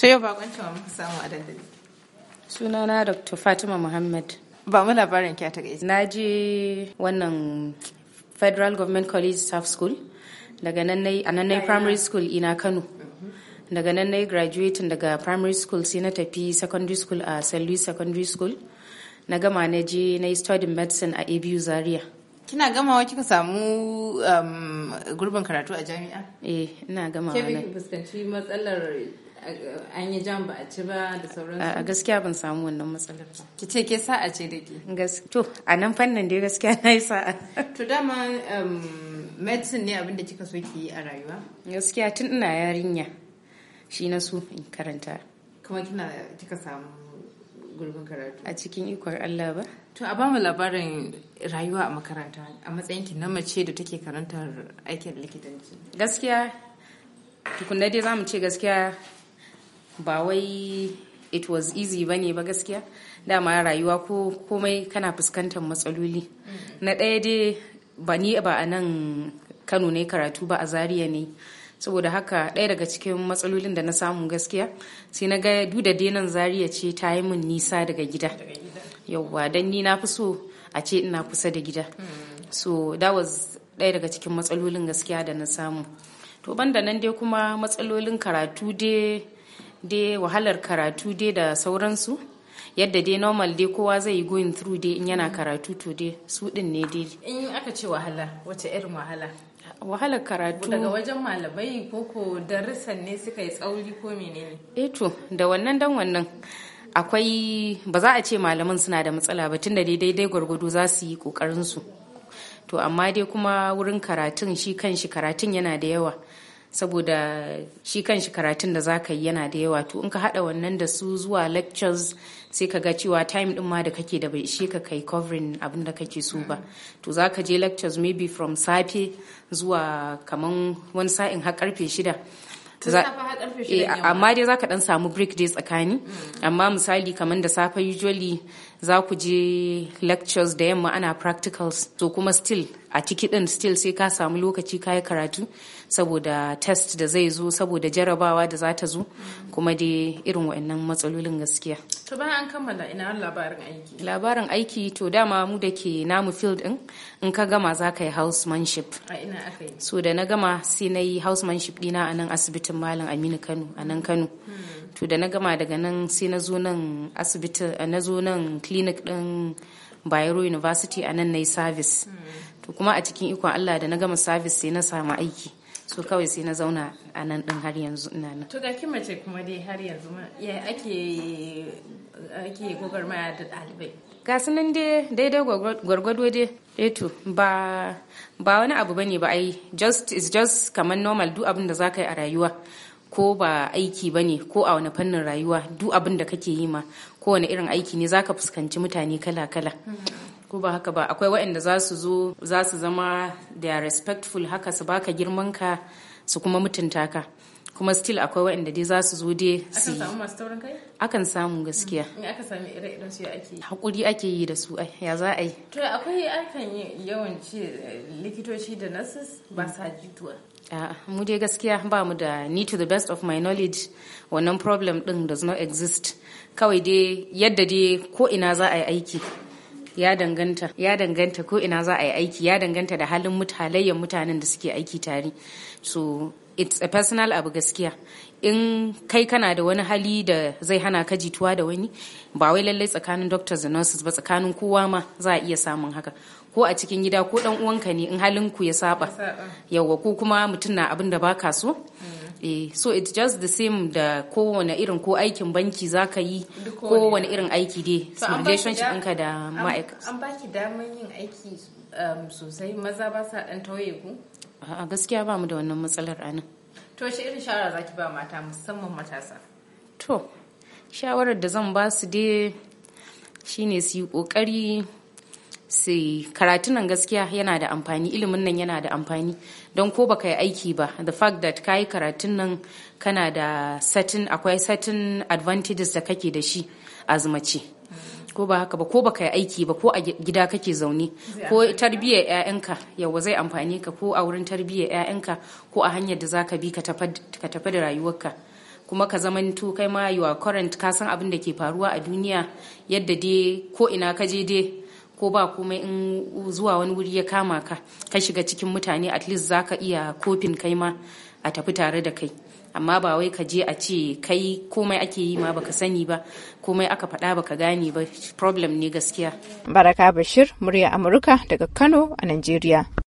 ta yau bakwancin wa muka samu a dandali sunana dr fatima muhammad ba mu labarin kya ta gaisa na je wannan federal government college staff school daga nan nayi a nan primary school ina kano daga nan nayi graduating daga primary school sai na tafi secondary school a st louis secondary school na gama na je na yi studying medicine a abu zaria kina gama wa kika samu um, gurbin karatu a jami'a eh ina gamawa ke fuskanci matsalar an yi jan ba a ci ba da sauransu a gaskiya ban samu wannan matsalar ba ki ce ke sa'a ce da ke to a nan fannin dai gaskiya na yi sa'a to dama um, medicine ne abinda kika so ki yi a rayuwa gaskiya tun ina yarinya shi na su in karanta kuma kina kika samu gurbin karatu a cikin ikon Allah ba to a bamu labarin rayuwa a makaranta a matsayin ki na mace da take karantar aikin likitanci gaskiya tukunna dai mu ce gaskiya ba wai it was easy ba ne ba gaskiya dama rayuwa ko komai kana fuskantar matsaloli mm-hmm. na ɗaya dai ba ni ba a nan kano ne karatu ba a zariya ne saboda haka ɗaya daga cikin matsalolin da na samu gaskiya sai na ga duda denan zariya ce ta yi min nisa daga gida yauwa don ni na fi so a ce ina kusa da gida mm. so that was ɗaya daga cikin matsalolin gaskiya da na samu to banda nan dai kuma matsalolin karatu dai dai wahalar karatu dai da sauransu yadda dai normal dai kowa zai yi going through dai in yana karatu to dai su din ne dai in aka ce wahala wace irin wahala wahalar karatu daga wajen malamai koko darussan ne suka yi tsauri ko menene eh to da wannan dan wannan akwai ba za a ce malaman suna da matsala ba tunda dai daidai gwargwado za su yi kokarin su to amma dai kuma wurin karatun shi kan shi karatun yana da yawa saboda shi kan shi karatun da zaka yi yana da yawa to in ka hada wannan da su zuwa lectures sai ka ga cewa time din ma da kake da bai ishe ka kai covering abin da kake so ba to zaka je lectures maybe from safe zuwa kaman wani sa'in har karfe shida eh, amma dai za ka dan samu break dai tsakani mm. amma misali kamar da safe usually za ku je lectures da yamma ana practicals to kuma still a ciki din still sai ka samu lokaci ka yi karatu saboda test da zai zo saboda jarabawa da za ta zo kuma dai irin wa'annan matsalolin gaskiya to bayan an kammala ina labarin aiki labarin aiki to dama mu da ke namu field din in ka gama za ka yi housemanship a ina aka yi so da na gama sai na yi housemanship dina a nan asibitin malam aminu kano a nan kano hmm. to da na gama daga nan sai na zo nan asibitin na zo nan clinic din bayero university a nan na yi service hmm. to kuma a cikin ikon Allah da na gama service sai na samu aiki so kawai sai na zauna a nan din har yanzu ina nan to ga kin mace kuma dai har yanzu ma ya ake ake da ɗalibai ga sunan dai daidai gwargwado dai eto eh ba ba wani abu bane ba ai just is just kamar normal duk abin da zaka yi a rayuwa ko ba aiki bane ko a wani fannin rayuwa duk abin da kake yi ma ko kowane irin aiki ne zaka fuskanci mutane kala-kala mm-hmm. ko ba haka ba akwai waɗanda za su zo za su zama da respectful haka su baka girman ka su kuma mutunta ka kuma still akwai waɗanda dai za su zo dai su yi akan samu gaskiya mm-hmm. in aka sami ire idan su ake yi hakuri ake yi da su ya za a yi to akwai akan yawan ce eh, likitoci da nurses ba sa jituwa mu dai gaskiya ba mu da ni to the best of my knowledge wannan problem din does not exist kawai dai yadda dai ko ina za a yi aiki ya danganta ya danganta ko ina za a yi aiki ya danganta da halin mutalayyar mutanen da suke aiki tare so it's a personal abu gaskiya in kai kana da wani hali da zai hana ka jituwa da wani ba wai lallai tsakanin doctors and nurses ba tsakanin kowa ma za a iya samun haka ko a cikin gida ko dan uwanka ne in halin ku ya saba yawa ko kuma mutum na abin da baka so hmm. eh so it's just the same da kowane irin ko aikin banki za ka yi kowane irin aiki dai so relationship ɗinka da ma'aikata an baki damar yin aiki um, sosai maza ba sa ɗan tauye ku a gaskiya ba mu da wannan matsalar anan to shi irin shawara ki ba mata musamman matasa to shawarar da zan ba su dai shine su yi kokari su karatun nan gaskiya yana da amfani ilimin nan yana da amfani don ko baka yi aiki ba the fact that ka yi karatun nan kana da certain akwai certain advantages da kake da shi azumace ko ba haka ba ko baka yi aiki ba ko a gida kake zaune ko tarbiyyar 'ya'yanka yawa zai amfani ka ko a wurin tarbiyyar 'ya'yanka ko a hanyar da za ka bi ka tafi da rayuwarka kuma ka zama zamanto kai ma yiwa current ka san abin da ke faruwa a duniya yadda dai ko ina ka je dai ko ba komai in zuwa wani wuri ya kama ka ka shiga cikin mutane at least za ka iya kofin kai ma a tafi tare da kai amma ba wai ka je a ce kai komai ake yi ma baka sani ba komai aka faɗa baka gane ba problem ne gaskiya baraka bashir murya amurka daga kano a nigeria.